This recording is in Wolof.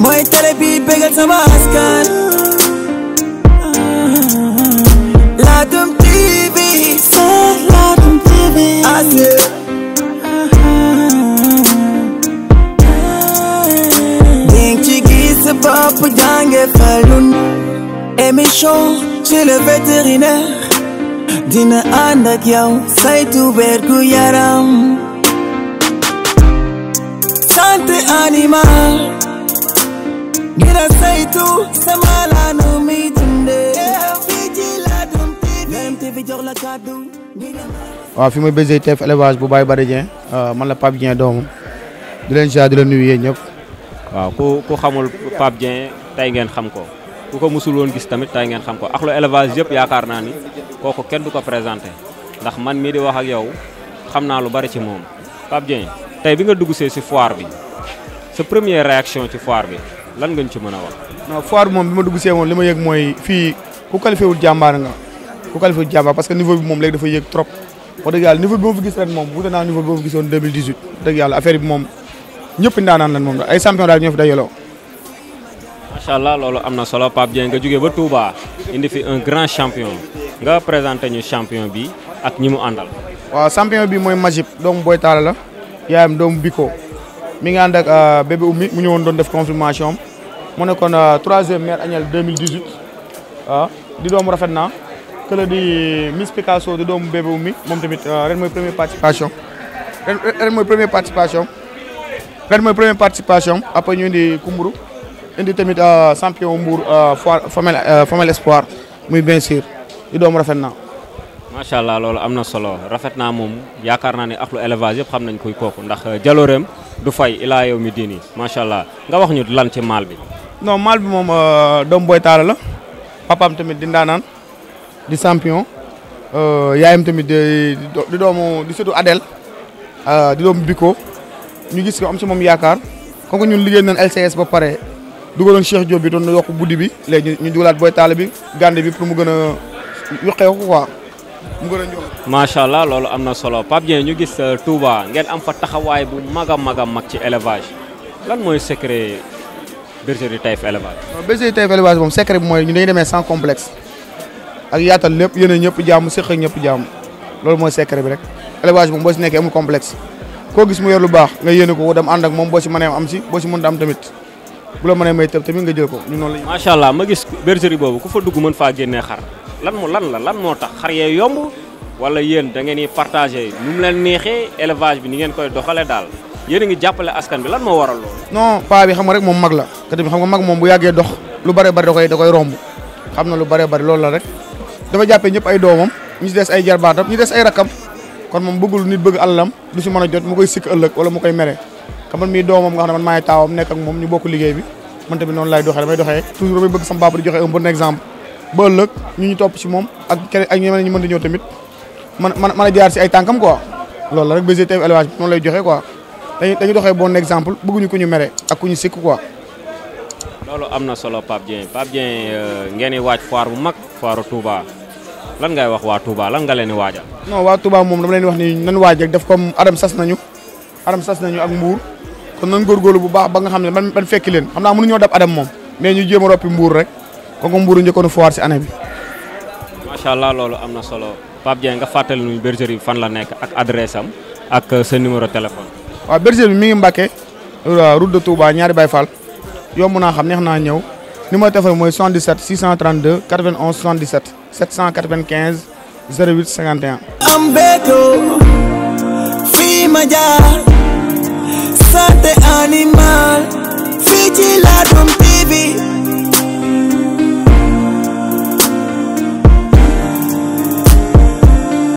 mooy télé bi bégal sama askan Ladoum TV c'est Ladoum TV ning ci gis sa bopp jànge falun émission chez le vétérinaire dina ànd ak yow saytu wér gu yaram santé animal jox la kàddu. waaw fi may bésee teef élevage bu Baye Bada Dieng euh, man la Pape Dieng doomu di leen ziar di leen nuyu yéen ñëpp. waaw ku xamul Pape Dieng tey ngeen xam ko ku ko mësul woon gis tamit tey ngeen xam ko axlu élevage yëpp yaakaar naa ni kooku kenn du ko présenté ndax man mii di wax ak yow xam naa lu bari ci moom Pape tey bi nga dugg see ci foire bi sa première réaction ci foire bi. lan nga ñu ci mën a wax. non foire moom bi ma dugg see li ma yëg mooy fii ku qualifié wul jàmbaar nga ku qualifié wul jàmbaar parce que niveau bi moom léegi dafa yëg trop wax dëgg yàlla niveau bi ma fi gis ren moom wute naa niveau bi ma fi gisoon 2018 dëgg yàlla affaire bi moom ñëpp ndaanaan lan moom ay champion daal ñoo fi dajaloo. macha allah loolu am na solo Pape Dieng nga jógee ba Touba indi fi un grand champion nga présenté ñu champion bi ak ñi mu àndal. waaw champion bi mooy Majib doomu Boy Talla la yaayam doomu Biko. mi ngi ànd ak euh, bébé ummi mu ñëwoon doon def confirmation am mu nekkoon euh, troisième maire annuelle 2018 ah di doomu rafet naa këla di Miss Picasso di doomu bébé ummi moom tamit euh, ren mooy première participation ren mooy première participation ren mooy première indi Kumburu indi tamit champion Mbour foire femelle femelle espoir muy bien di doomu rafet naa. macha allah loolu am na solo rafet naa moom yaakaar naa ne ak lu yëpp xam nañ koy kooku ndax jaloreem. du fay ilaa yow mi diini macha allah nga wax ñu lan ci maal bi. noo maal bi moom euh, doom booy taala la papaam tamit di ndaanaan di champion euh, yaayam tamit di di doomu di surtout Adel euh, di doomu Biko ñu gis ko am ci moom yaakaar kon ñun liggéey nañ LCS ba pare dugaloon Cheikh Diop bi doon yokk buddi bi léegi ñu dugalaat booy taala bi gànde bi pour mu gën a yokkee ko quoi. mu gën a ñëw. macha allah loolu am na solo Pape Dieng ñu gis euh, Touba ngeen am fa taxawaay bu mag a mag a mag ci élevage lan mooy secret bergerie Taïf élevage. bergerie Taïf élevage moom bi mooy ñu dañuy demee sans complexe ak yaatal lépp yéen ñëpp jàmm séq ak ñëpp jàmm loolu mooy secret bi rek élevage moom boo si nekkee amul complexe koo gis mu yor lu baax nga yéene ko dem ànd ak moom boo si mënee am si boo si mënut am tamit. bu la mënee may tëb tamit nga jël ko ñu noonu la. macha allah ma gis bergerie boobu ku fa dugg mën faa génnee xar lan mu lan la lan moo tax xar yee yomb wala yéen da ngeen di partagé nu mu leen neexee élevage bi ni ngeen koy doxalee daal yéen a ngi jàppale askan bi lan moo waral loolu. non paa bi xam nga rek moom mag la te xam nga mag moom bu yàggee dox lu bare bari da koy da koy romb xam na lu bare bari loolu la rek dafa jàppee ñëpp ay doomam ñu des ay jarbaatam ñu des ay rakam kon moom bëggul nit bëgg alalam du si mën a jot mu koy sikk ëllëg wala mu koy mere man mii doomam nga xam ne man maay taawam nekk ak moom ñu bokk liggéey bi man tamit noonu lay doxee damay doxee toujours damay bëgg sama ñu ñu topp si moom ak keneen ak ñeneen mën tamit man a jaar si ay tànkam quoi loolu la rek BGTV élevage noonu lay joxe quoi dañuy dañuy boo bon exemple bëgguñu ku ñu mere ak ku ñu sikk quoi. loolu am na solo Pape Dieng Pape Dieng euh, ngeen di waaj foire bu mag foire Touba lan ngay wax waa Touba lan nga leen di waajal. non waa Touba moom dama leen di wax ni nan waaj rek def comme Adam sas nañu Adam sas nañu ak Mbour. kon nañ góorgóorlu bu baax ba nga xam ne man man fekki leen xam naa mënuñoo dab adam moom mais ñu jéem a roppi mbuur rek kon ko mbuur njëkkoon fowaat si année bi. macha allah loolu am na solo Pape Dieng nga fàttali ñu bergerie bi fan la nekk ak adresse am ak euh, sa numéro téléphone. waaw bergerie bi mi ngi Mbacke euh, route de Touba ñaari Baye Fall yomb naa xam neex naa ñëw numéro téléphone mooy 77 632 91 77 795 08 51. am beto fii ma jaar. raza de